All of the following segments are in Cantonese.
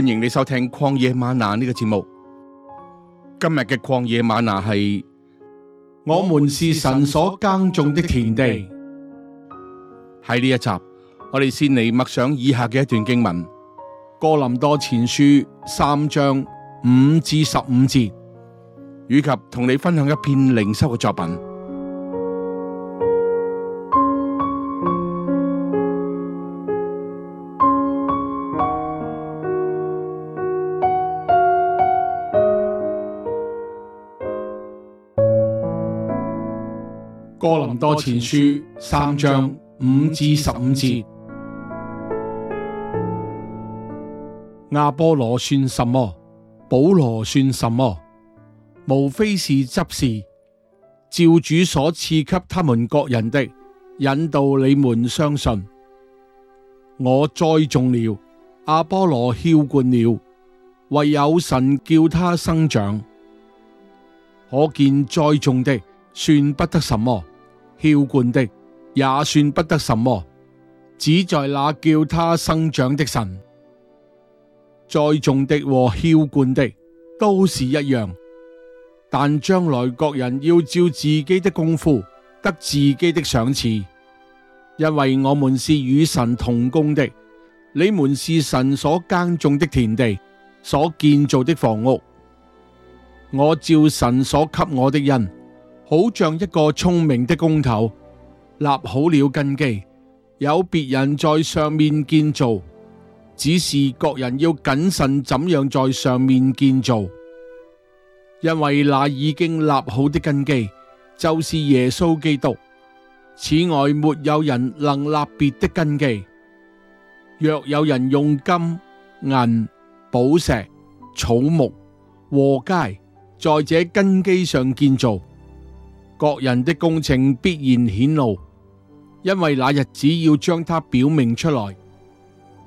歡迎你收聽曠野嗎哪呢個節目。今日嘅曠野嗎哪係我們是神所耕種的田地。喺呢一集，我哋先嚟默想以下嘅一段經文：哥林多前書三章五至十五節，以及同你分享一篇靈修嘅作品。《哥林多前書》三章五至十五節：亞波羅算什麼？保羅算什麼？無非是執事，照主所賜給他們各人的，引導你們相信。我栽種了，亞波羅澆灌了，唯有神叫他生長。可見栽種的算不得什麼。澆灌的也算不得什麼，只在那叫他生長的神。栽種的和澆灌的都是一樣。但將來各人要照自己的功夫得自己的賞賜，因為我們是與神同工的，你們是神所耕種的田地，所建造的房屋。我照神所給我的恩。好像一個聰明的工頭立好了根基，有別人在上面建造，只是各人要謹慎，怎樣在上面建造，因為那已經立好的根基就是耶穌基督。此外沒有人能立別的根基，若有人用金銀、寶石、草木、禾秸在這根基上建造。各人的工程必然顯露，因為那日子要將它表明出來。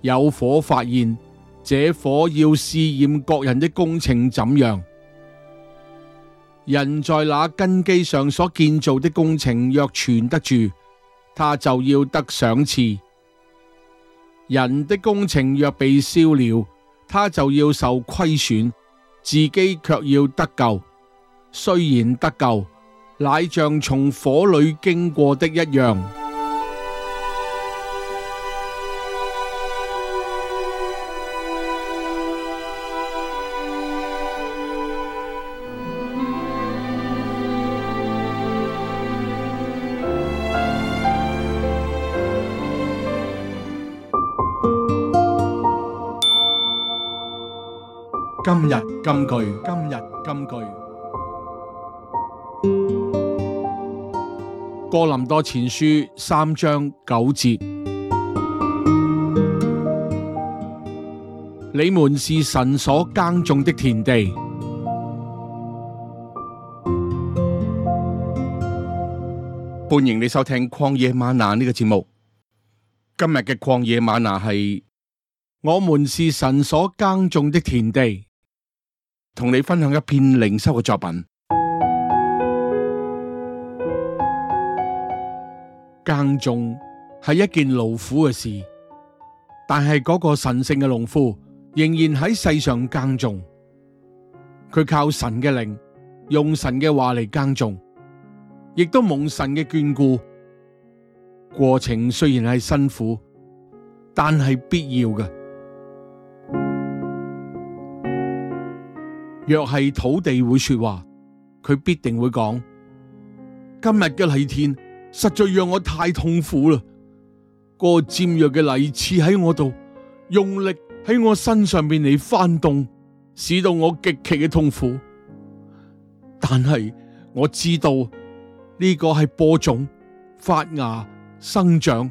有火發現，這火要試驗各人的工程怎樣。人在那根基上所建造的工程若存得住，他就要得賞賜；人的工程若被燒了，他就要受虧損，自己卻要得救。雖然得救，乃像從火裏經過的一樣。今日金句，今日金句。哥林多前書三章九節，你們是神所耕種的田地。歡迎你收聽曠野嗎哪呢、這個節目。今日嘅曠野嗎哪係我們是神所耕種的田地，同你分享一篇靈修嘅作品。耕種係一件勞苦嘅事，但係嗰個神聖嘅農夫仍然喺世上耕種。佢靠神嘅靈，用神嘅話嚟耕種，亦都蒙神嘅眷顧。過程雖然係辛苦，但係必要嘅。若係土地會說話，佢必定會講今日嘅犁田，實在讓我太痛苦啦！嗰尖銳嘅利刺喺我度用力喺我身上邊嚟翻動，使到我極其嘅痛苦。但係我知道呢、呢個係播種、發芽、生長、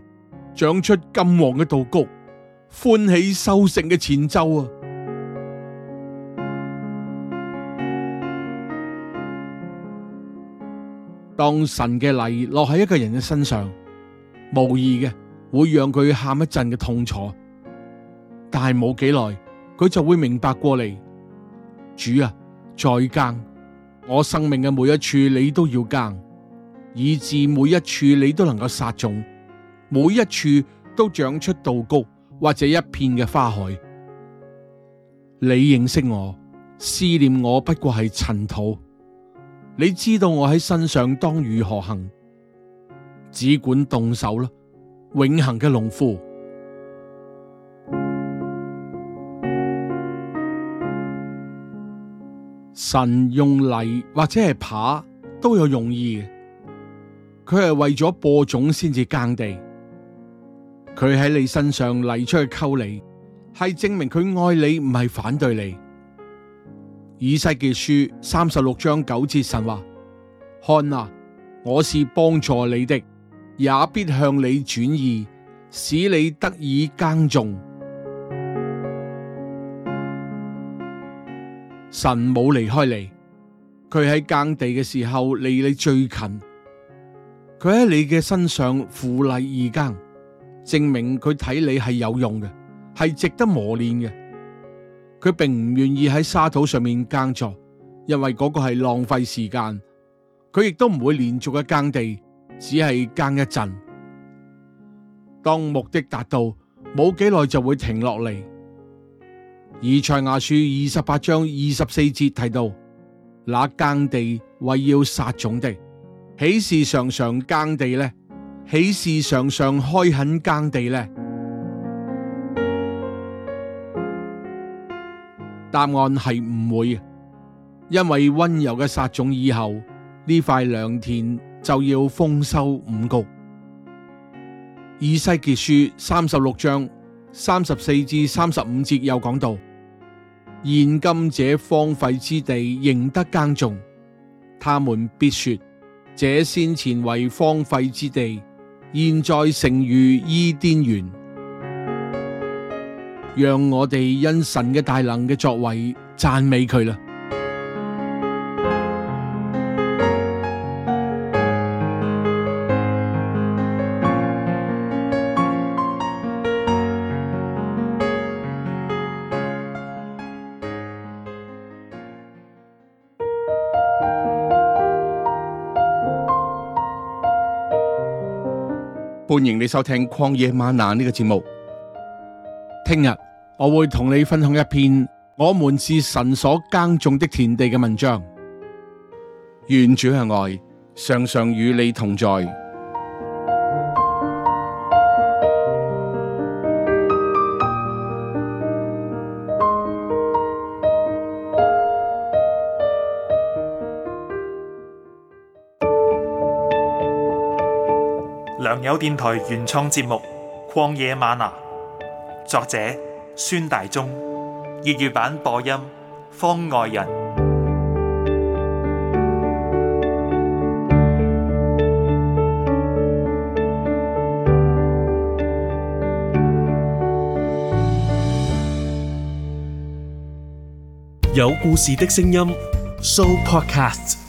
長出金黃嘅稻穀、歡喜收成嘅前奏啊！當神嘅犁落喺一個人嘅身上，無意嘅會讓佢喊一陣嘅痛楚，但係冇幾耐佢就會明白過嚟。主啊，在耕，我生命嘅每一處，你都要耕，以至每一處你都能夠撒種，每一處都長出稻谷或者一片嘅花海。你認識我、思念我，不過係塵土。你知道我喺身上當如何行，只管動手啦，永恒嘅農夫。神用犁或者係耙都有用意嘅，佢係為咗播種先至耕地。佢喺你身上犁出去溝你，係證明佢愛你，唔係反對你。以西嘅書三十六章九節神話：看啊，我是幫助你的，也必向你轉移，使你得以耕種。神冇離開你，佢喺耕地嘅時候離你最近，佢喺你嘅身上負犁而耕，證明佢睇你係有用嘅，係值得磨練嘅。佢並唔願意喺沙土上面耕作，因為嗰個係浪費時間。佢亦都唔會連續嘅，耕地，只係耕一陣。當目的達到，冇幾耐就會停落嚟。以賽亞書二十八章二十四節提到，那耕地為要撒種的，豈是常常耕地呢？豈是常常開墾耕地呢？答案係唔會，因為温柔嘅撒種以後，呢塊良田就要豐收五谷。以西結書三十六章三十四至三十五節又講到：現今這荒廢之地仍得耕種，他們必說：這先前為荒廢之地，現在成如伊甸園。讓我哋因神嘅大能嘅作為讚美佢啦！歡迎你收聽曠野嗎哪呢個節目。聽日我會同你分享一篇《我們是神所耕種的田地》嘅文章。願主嘅愛，常常與你同在。良友電台原創節目《曠野嗎哪》。作者：孫大中，粵語版播音：方外人。有故事的聲音，Show Podcast。